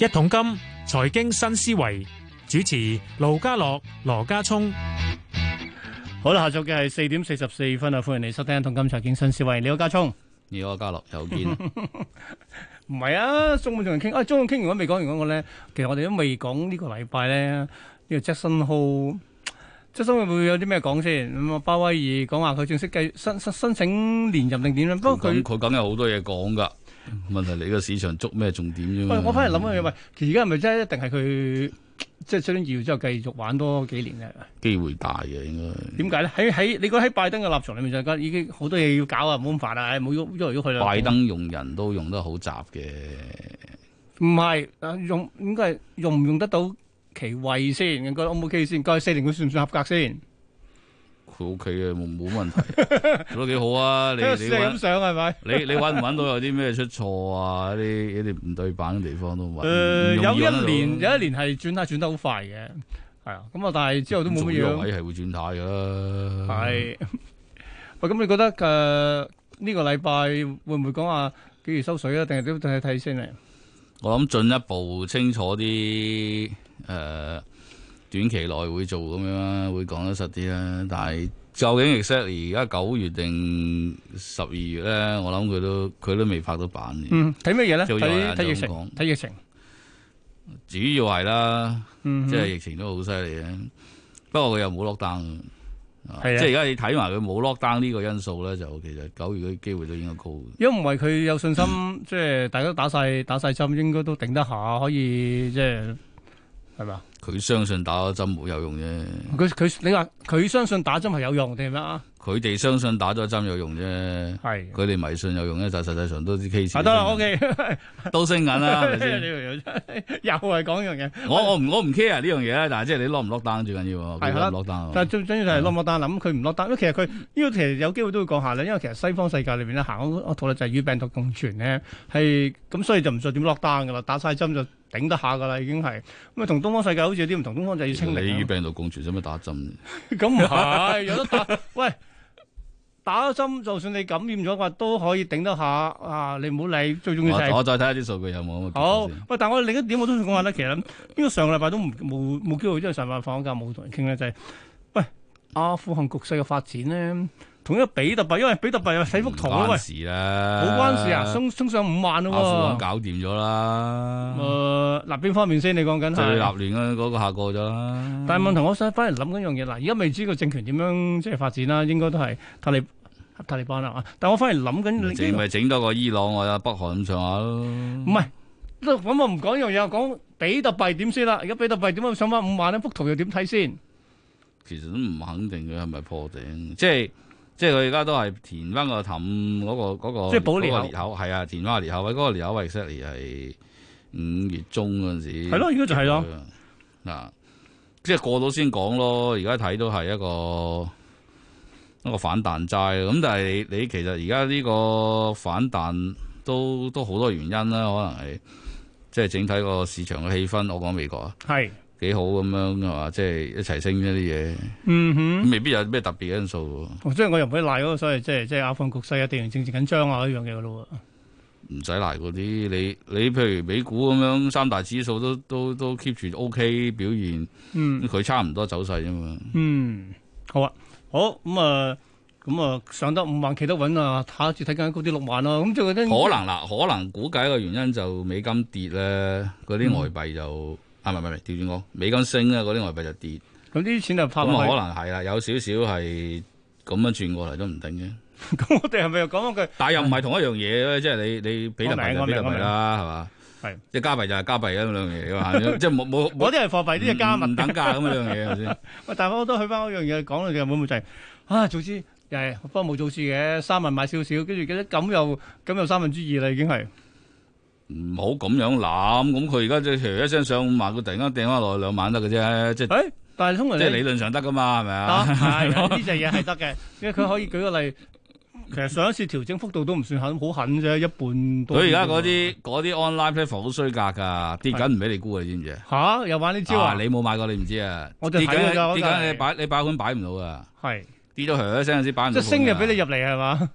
一桶金財經新思維，主持盧家樂、羅家聰。好啦，下晝嘅係四點四十四分啊！歡迎你收聽《一桶金財經新思維》，你好家聰，你好家樂，又見，唔係啊！中午仲係傾啊！中午傾，如果未講完嗰個咧，其實我哋都未講呢個禮拜咧，呢個 Jackson Hole，Jackson Hole 會唔會有啲咩講先？咁啊，鮑威爾講話，佢正式繼申申申請連任定點樣。不過佢佢梗有好多嘢講噶。問題你個市場捉咩重點啫，哎？我反而諗緊，喂，而家係咪真係一定係佢即係二月之後繼續玩多幾年咧？機會大嘅，應該點解咧？喺喺你覺得喺拜登嘅立場裏面就已經好多嘢要搞啊，冇咁煩啊，冇喐喐嚟喐去啦。動動，拜登用人都用得好雜嘅，唔係啊？用應該係用唔用得到其位先？你覺得 O 唔 O K 先？介四零佢算唔算合格先？佢屋企嘅冇冇問題， 做得幾好啊！ 你 你影想係咪？你你揾唔揾到有啲咩出錯啊？一啲一啲唔對版嘅地方都揾。誒、呃呃，有一年有一年係轉態轉得好快嘅，係啊。咁啊，但係之後都冇乜樣。位係會轉態噶喇。係是。喂，咁你覺得誒呢、呃這個禮拜會唔會講話幾時收水啊？定係點睇睇先啊？我諗進一步清楚啲誒。呃短期內會做咁樣啦，會講得實啲啦。但係究竟 e x c 而家九月定十二月咧？我諗佢都佢都未拍到版嘅。嗯，睇乜嘢咧？睇有疫情，睇疫情，主要係啦。嗯、哼即係疫情都好犀利嘅。不過佢又冇 lock down 嘅，即係而家你睇埋佢冇 lock down 呢個因素咧，就其實九月嘅機會都應該高，因為唔係佢有信心，嗯、即係大家都打晒打曬針，應該都頂得下，可以即係。係嘛？佢相信打咗針冇有用啫。佢佢你話佢相信打針係有用定咩啊？佢哋相信打咗針有用啫。係。佢哋迷信有用啫，實際上都係 case。得啦 OK，都升緊啦，係咪先？又係講呢樣嘢。我我唔我唔 care 呢樣嘢，但係即係你落唔落單最緊要。落單。但係最緊要就係落唔落單啦。咁佢唔落單，其實佢呢個其實有機會都會講下咧。因為其實西方世界裏邊咧，行咗我同你就與病毒共存咧，係咁，所以就唔再點落單噶啦。打晒針就。頂得下噶啦，已經係咁啊！同東方世界好似有啲唔同，東方就要清理。你與病毒共存，使乜打針？咁唔係有得打？ 喂，打針就算你感染咗話都可以頂得下啊！你唔好理，最重要係我再睇下啲數據有冇好喂？但係我另一點我都想講下咧， 其實呢個上個禮拜都冇冇機會，因為上個禮拜放假，冇同人傾咧，就係、是、喂阿富汗局勢嘅發展咧。同一比特幣，因為比特幣又睇幅圖咯，喂，冇關事冇關事啊，衝衝上五萬咯，阿富汗搞掂咗啦。立嗱、呃，邊方面先？你講緊敘利亞亂啦，嗰、那個下過咗。但係問題，我想翻嚟諗緊樣嘢。嗱，而家未知個政權點樣即係發展啦，應該都係塔利塔利班啦。但我翻嚟諗緊你，咪整是多個伊朗或者、啊、北韓咁上下咯。唔係，咁我唔講樣嘢，我講比特幣點先啦。而家比特幣點樣上翻五萬呢？幅圖又點睇先？其實都唔肯定嘅係咪破頂，即係。即係佢而家都係填翻、個氹嗰、個嗰個嗰個裂口，係啊，填翻、個裂口位嗰個裂口位 Shelly 係五月中嗰陣時係、啊、咯，而家就係咯，嗱，即係過到先講咯。而家睇都係一個一個反彈債，咁但係你,你其實而家呢個反彈都都好多原因啦，可能係即係整體個市場嘅氣氛。我講美國啊，係。幾好咁樣係嘛，即係一齊升咗啲嘢。嗯哼，未必有咩特別因素。所以、哦、我又唔可以賴咯，所以即係即係阿富汗局勢啊，地緣政治緊張啊呢樣嘢嘅咯。唔使賴嗰啲，你你譬如美股咁樣三大指數都都都 keep 住 OK 表現，嗯，佢差唔多走勢啫嘛。嗯，好啊，好咁啊，咁、嗯、啊、嗯、上得五萬，企得穩啊，下一次睇緊高啲六萬咯。咁即係嗰啲可能嗱，可能估計個原因就美金跌咧，嗰啲外幣就。嗯啊係咪？係咪？係，調轉我美金升啊，嗰啲外幣就跌。咁啲錢就拋。咁可能係啦，有少少係咁樣轉過嚟都唔定嘅。咁我哋係咪又講一句？但又唔係同一樣嘢咧，即係你你比特幣嗰啲就啦，係嘛？係，即係加幣就係加幣啊，兩樣嘢啊嘛，即係冇冇。啲係貨幣，啲係加文等價咁啊，兩樣嘢先。喂，但我都去翻一樣嘢講啦，又會就係啊早知，又幫冇做事嘅三文買少少，跟住記得咁又咁又三分之二啦，已經係。唔好咁樣諗，咁佢而家就係嘘一聲上五萬，佢突然間掟翻落去兩萬得嘅啫，即係、欸。但係通常即係理論上得噶嘛，係咪啊？呢隻嘢係得嘅，因為佢可以舉個例。其實上一次調整幅度都唔算好好狠啫，一半,一半。佢而家嗰啲啲 online platform 好衰格噶，跌緊唔俾你沽，你知唔知吓，又玩呢招你冇、啊、買過你、啊你，你唔知啊！我緊，跌緊，你擺你擺款擺唔到啊，係跌咗嘘一聲先時擺唔到。即係升又俾你入嚟係嘛？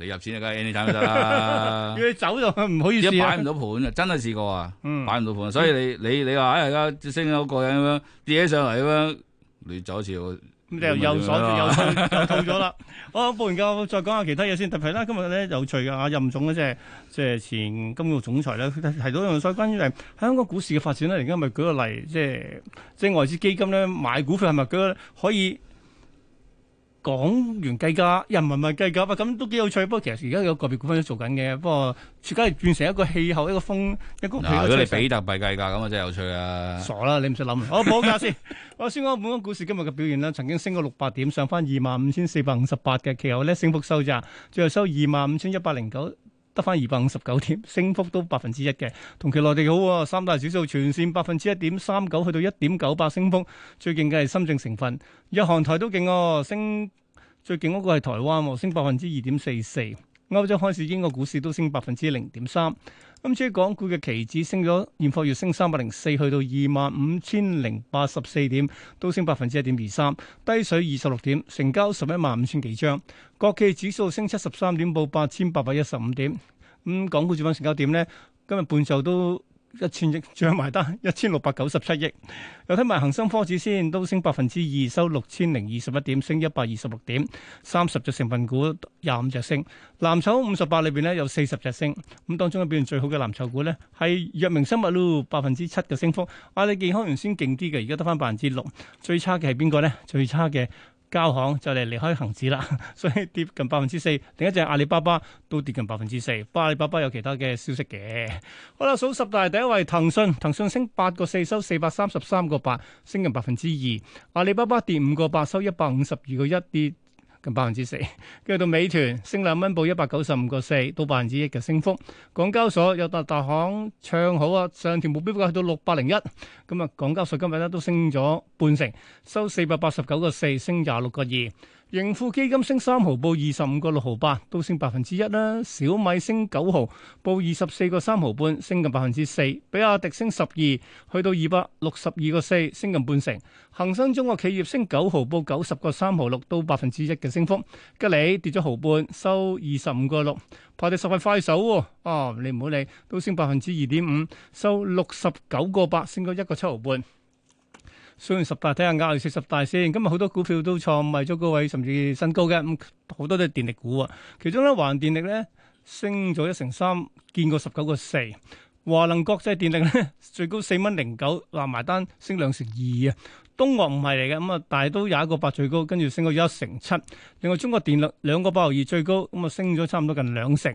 你入錢啊，梗係 anytime 都得啦。要走就唔好意思。一擺唔到盤啊，盤真係試過啊，嗯、擺唔到盤。所以你你你話啊，而家升咗個人咁樣跌起上嚟咁樣，你走一次我。咁又又鎖住，又、啊、 又咗啦。 好，報完夠，再講下其他嘢先。特別啦，今日咧有趣噶，阿任總咧即係即係前金融總裁咧，提到一樣，所以關於香港股市嘅發展咧，而家咪舉個例，就是、即係即係外資基金咧買股票係咪舉可以。講完計價，人民幣計價啊！咁都幾有趣。不過其實而家有個別股份都做緊嘅。不過而家係變成一個氣候，一個風，啊、一個氣候，如果你比特幣計價咁啊，嗯、真係有趣啊！傻啦，你唔使諗。我報價先。我先講本港股市今日嘅表現啦。曾經升過六百點，上返二萬五千四百五十八嘅，其後咧升幅收窄，最後收二萬五千一百零九。得翻二百五十九點，升幅都百分之一嘅。同期內地好喎、哦，三大指數全線百分之一點三九，去到一點九八升幅。最勁嘅係深圳成分，日韓台都勁喎、哦，升最勁嗰個係台灣、哦，升百分之二點四四。歐洲開市英國股市都升百分之零點三。今次港股嘅期指升咗，現貨月升三百零四，去到二萬五千零八十四點，都升百分之一點二三，低水二十六點，成交十一萬五千幾張。國企指數升七十三點，報八千八百一十五點。咁、嗯、港股主板成交點咧，今日半袖都。一千億賬埋單，一千六百九十七億。又睇埋恒生科指先，都升百分之二，收六千零二十一點，升一百二十六點，三十隻成分股，廿五隻升。藍籌五十八裏邊咧，有四十隻升。咁當中表現最好嘅藍籌股咧，係藥明生物咯，百分之七嘅升幅。我哋健康原先勁啲嘅，而家得翻百分之六。最差嘅係邊個咧？最差嘅。交行就嚟離開恒指啦，所以跌近百分之四。另一隻阿里巴巴都跌近百分之四，不過阿里巴巴有其他嘅消息嘅。好啦，數十大第一位騰訊，騰訊升八個四，收四百三十三個八，升近百分之二。阿里巴巴跌五個八，收一百五十二個一，跌。近百分之四，跟住到美團升兩蚊，報一百九十五個四，到百分之一嘅升幅。港交所有大行唱好啊，上調目標價去到六百零一，咁啊港交所今日咧都升咗半成，收四百八十九個四，升廿六個二。盈富基金升三毫，報二十五個六毫八，都升百分之一啦。小米升九毫，報二十四個三毫半，升近百分之四。比亞迪升十二，去到二百六十二個四，升近半成。恒生中國企業升九毫，報九十個三毫六，都百分之一嘅升幅。吉利跌咗毫半，收二十五個六。排第十位快手，哦，啊、你唔好理，都升百分之二點五，收六十九個八，升咗一個七毫半。雖然十大睇下，亞游四十大先。今日好多股票都創埋咗高位，甚至新高嘅。咁好多都係電力股啊。其中咧，華能電力咧升咗一成三，見過十九個四。華能國際電力咧最高四蚊零九，攔埋單升兩成二啊！東岳唔係嚟嘅，咁啊，但係都有一個八最高，跟住升咗一成七。另外中國電力兩個八毫二最高，咁啊升咗差唔多近兩成。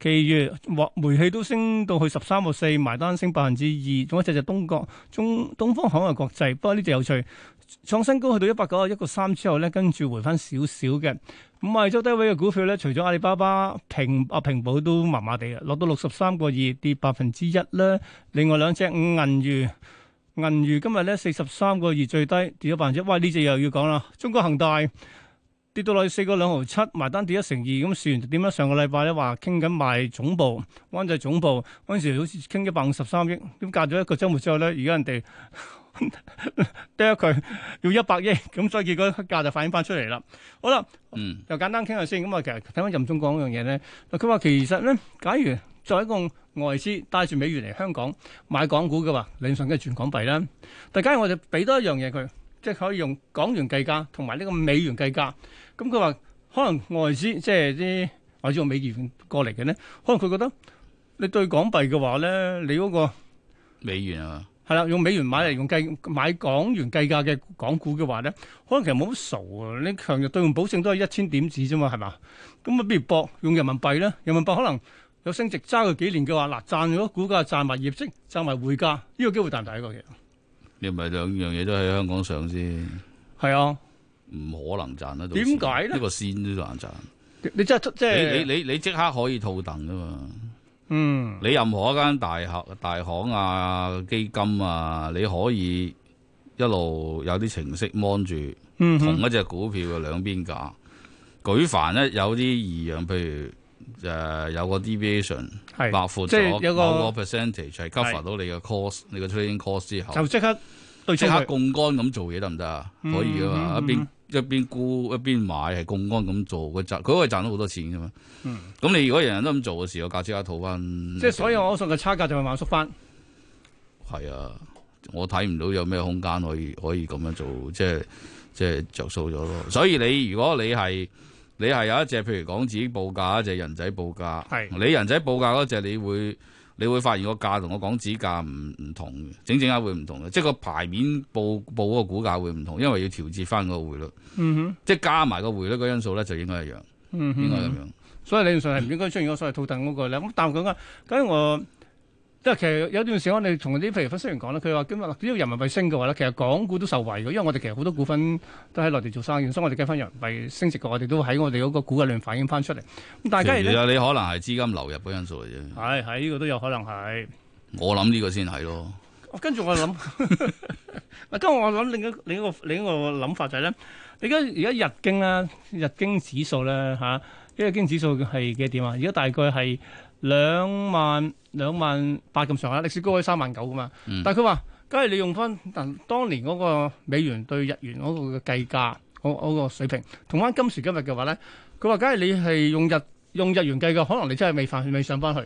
其餘或煤氣都升到去十三個四，埋單升百分之二。仲有一隻就東岳中東方海外國際，不過呢隻有趣，創新高去到一百九十一個三之後咧，跟住回翻少少嘅。咁亞周低位嘅股票咧，除咗阿里巴巴、平啊、平保都麻麻地嘅，落到六十三個二，跌百分之一啦。另外兩隻銀娛。銀娛今日咧四十三個月最低跌咗百分之一，哇呢隻又要講啦！中國恒大跌到落去四個兩毫七，埋單跌一成二咁算點樣？上個禮拜咧話傾緊賣總部灣仔總部嗰陣時，好似傾一百五十三億，咁隔咗一個周末之後咧，而家人哋跌咗佢要一百億，咁所以結果價就反映翻出嚟啦。好啦，嗯，就簡單傾下先。咁啊，其實睇翻任總講嗰樣嘢咧，佢話其實咧，假如。作為一個外資帶住美元嚟香港買港股嘅話，理論上梗係全港幣啦。大家我哋俾多一樣嘢佢，即係可以用港元計價，同埋呢個美元計價，咁佢話可能外資即係啲外資用美元過嚟嘅呢，可能佢覺得你對港幣嘅話呢，你嗰、那個美元啊，係啦，用美元買嚟用計買港元計價嘅港股嘅話呢，可能其實冇好傻啊。你強弱兌換保證都係一千點紙啫嘛，係嘛咁啊？不如博用人民幣咧，人民幣可能。有升值揸佢幾年嘅話，嗱賺咗股價，賺埋業績，賺埋匯價，呢個機會大唔大一個嘅？你咪兩樣嘢都喺香港上先係啊，唔可能賺得到。點解咧？呢個先都難賺。你即係即係你你你即你刻可以套戥啊嘛。嗯，你任何一間大行大行啊基金啊，你可以一路有啲程式 mon 住，嗯、哼同一隻股票嘅兩邊價，舉凡咧有啲異樣，譬如。誒，有個 deviation，是白負咗某個 percentage 係是 cover 到你嘅 cost，是你嘅 training cost 之後就即刻即刻槓桿咁做嘢得唔得啊？嗯、可以啊嘛、嗯，一邊一邊沽一邊買係槓桿咁做嘅佢可以賺到好多錢噶嘛。咁、嗯、你如果人人都咁做嘅時候，價即刻套翻，即係所以我信嘅差價就係慢縮翻。係啊，我睇唔到有咩空間可以可以咁樣做，即係即係着數咗咯。所以你如果你係你係有一隻，譬如港紙報價一隻人仔報價，係是你人仔報價嗰隻，你會你會發現個價同我港紙價唔唔同，整整下會唔同咧？即係個牌面報報個股價會唔同，因為要調節翻個、嗯、哼匯率，即係加埋個匯率個因素咧，就應該一樣，嗯、哼應該咁樣。所以理論上係唔應該出現嗰所謂套戥嗰個咧。咁、嗯那個、但係咁啊，咁我。即係其實有段時間我哋同啲譬如分析員講啦，佢話今日呢個人民幣升嘅話咧，其實港股都受惠嘅，因為我哋其實好多股份都喺內地做生意，所以我哋計翻人民幣升值嘅，我哋都喺我哋嗰個股價裏面反映翻出嚟。咁但係其實你可能係資金流入嘅因素嚟啫。係，係呢個都有可能係。我諗呢個先係咯。跟住我諗，啊 跟住我諗另一另一個另一個諗法就係、是、咧，而家而家日經咧，日經指數咧吓，日經指數係幾點啊？而家大概係。兩萬兩萬八咁上下，歷史高喺三萬九噶嘛。嗯、但係佢話，假如你用翻當年嗰個美元對日元嗰個嘅計價，嗰、嗰個水平，同翻今時今日嘅話咧，佢話，假如你係用日用日元計嘅，可能你真係未未上翻去。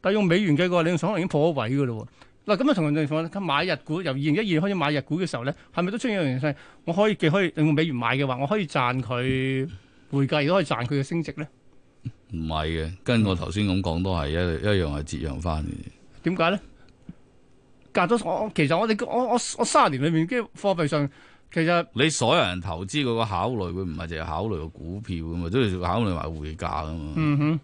但係用美元計嘅話，你仲可能已經破咗位噶啦喎。嗱，咁啊，樣同人哋講，買日股由二零一二開始買日股嘅時候咧，係咪都出現一樣嘢，即我可以記可以，可以用美元買嘅話，我可以賺佢匯價，亦都可以賺佢嘅升值咧？唔係嘅，跟我頭先咁講都係一一樣，係折讓翻嘅。點解咧？隔咗我，其實我哋我我我卅年裏面，即係貨幣上，其實你所有人投資嗰個考慮，佢唔係淨係考慮個股票噶嘛，都要考慮埋匯價噶嘛。嗯哼。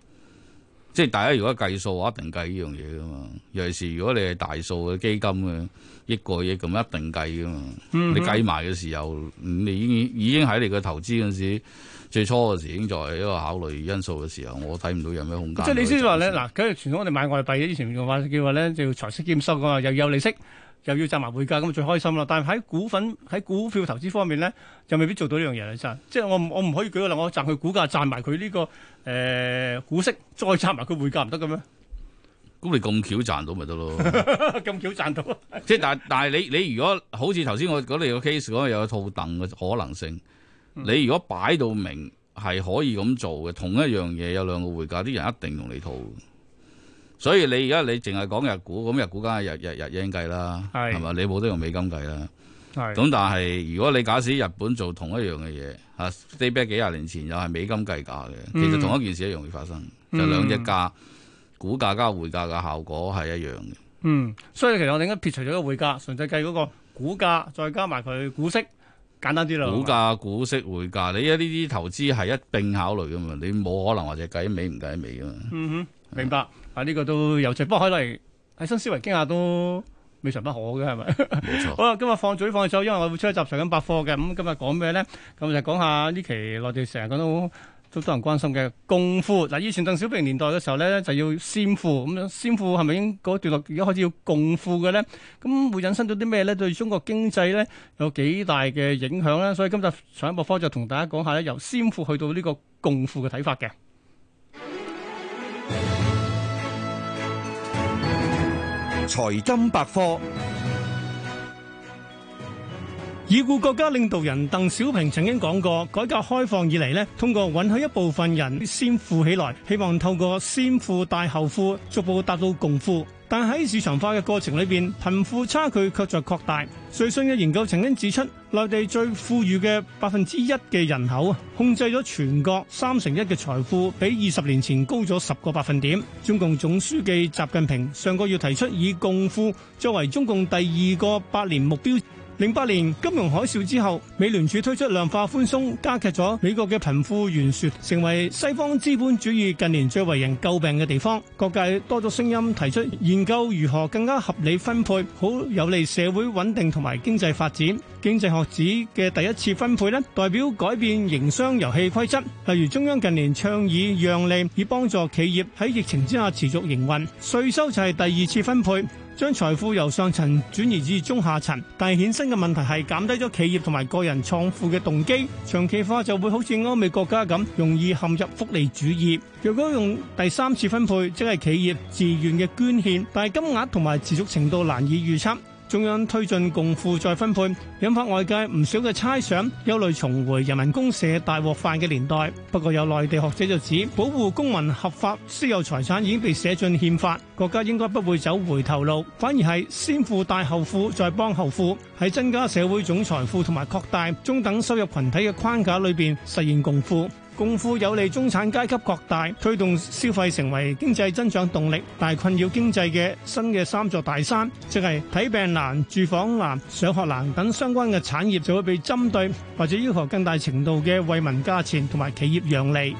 即係大家如果計數，一定計呢樣嘢噶嘛。尤其是如果你係大數嘅基金嘅，億過億咁一定計噶嘛。嗯、哼你計埋嘅時候，你已經已經喺你個投資嗰時，最初嘅時已經作為一個考慮因素嘅時候，我睇唔到有咩空間。即係你先話咧，嗱，梗係傳統我哋買外幣以前嘅話，叫話咧就要財息兼收噶嘛，又有利息。又要賺埋匯價，咁最開心啦！但係喺股份喺股票投資方面咧，就未必做到呢樣嘢啦。即係我我唔可以舉個例，我賺佢股價賺埋佢呢個誒、呃、股息，再賺埋佢匯價唔得嘅咩？咁你咁巧賺到咪得咯？咁巧賺到，即係但係但係你你如果好似頭先我講你個 case 講有套凳嘅可能性，嗯、你如果擺到明係可以咁做嘅，同一樣嘢有兩個匯價，啲人一定用你套。所以你而家你淨係講日股，咁日股梗係日日，日日日英計啦，係嘛是？你冇得用美金計啦。咁是但係如果你假使日本做同一樣嘅嘢，啊 maybe 幾廿年前又係美金計價嘅，嗯、其實同一件事一樣會發生，嗯、就兩隻價，股價加匯價嘅效果係一樣嘅。嗯，所以其實我哋而家撇除咗個匯價，純粹計嗰個股價，再加埋佢股息，簡單啲啦。股價、股息、匯價，你而家呢啲投資係一併考慮噶嘛？你冇可能話只計美唔計美噶嘛？嗯哼，明白。啊！呢個都有趣，不過海麗喺新思維傾下都未嘗不可嘅，係咪？冇錯。好啦，今日放嘴放手，因為我會出一集財經百科嘅。咁今日講咩咧？咁就講下呢期內地成日講到都多人關心嘅共富。嗱，以前鄧小平年代嘅時候咧，就要先富。咁樣先富係咪已經嗰段落而家開始要共富嘅咧？咁會引申到啲咩咧？對中國經濟咧有幾大嘅影響咧？所以今日財經百科就同大家講下咧，由先富去到呢個共富嘅睇法嘅。財金百科，已故國家領導人鄧小平曾經講過，改革開放以嚟咧，通過允許一部分人先富起來，希望透過先富帶後富，逐步達到共富。但喺市場化嘅過程裏邊，貧富差距卻在擴大。瑞信嘅研究曾經指出，內地最富裕嘅百分之一嘅人口控制咗全國三成一嘅財富，比二十年前高咗十個百分點。中共總書記習近平上個月提出，以共富作為中共第二個百年目標。零八年金融海嘯之後，美聯儲推出量化寬鬆，加劇咗美國嘅貧富懸殊，成為西方資本主義近年最為人詬病嘅地方。各界多咗聲音提出研究如何更加合理分配，好有利社會穩定同埋經濟發展。經濟學指嘅第一次分配咧，代表改變營商遊戲規則，例如中央近年倡議讓利，以幫助企業喺疫情之下持續營運，稅收就係第二次分配。將財富由上層轉移至中下層，但係衍生嘅問題係減低咗企業同埋個人創富嘅動機，長期化就會好似歐美國家咁，容易陷入福利主義。若果用第三次分配，即係企業自願嘅捐獻，但係金額同埋持續程度難以預測。中央推進共富再分配，引發外界唔少嘅猜想，憂慮重回人民公社大鍋飯嘅年代。不過有內地學者就指，保護公民合法私有財產已經被寫進憲法，國家應該不會走回頭路，反而係先富帶後富，再幫後富，喺增加社會總財富同埋擴大中等收入群體嘅框架裏邊實現共富。共富有利中產階級擴大，推動消費成為經濟增長動力，但係困擾經濟嘅新嘅三座大山，即係睇病難、住房難、上學難等相關嘅產業，就會被針對或者要求更大程度嘅惠民加錢同埋企業讓利。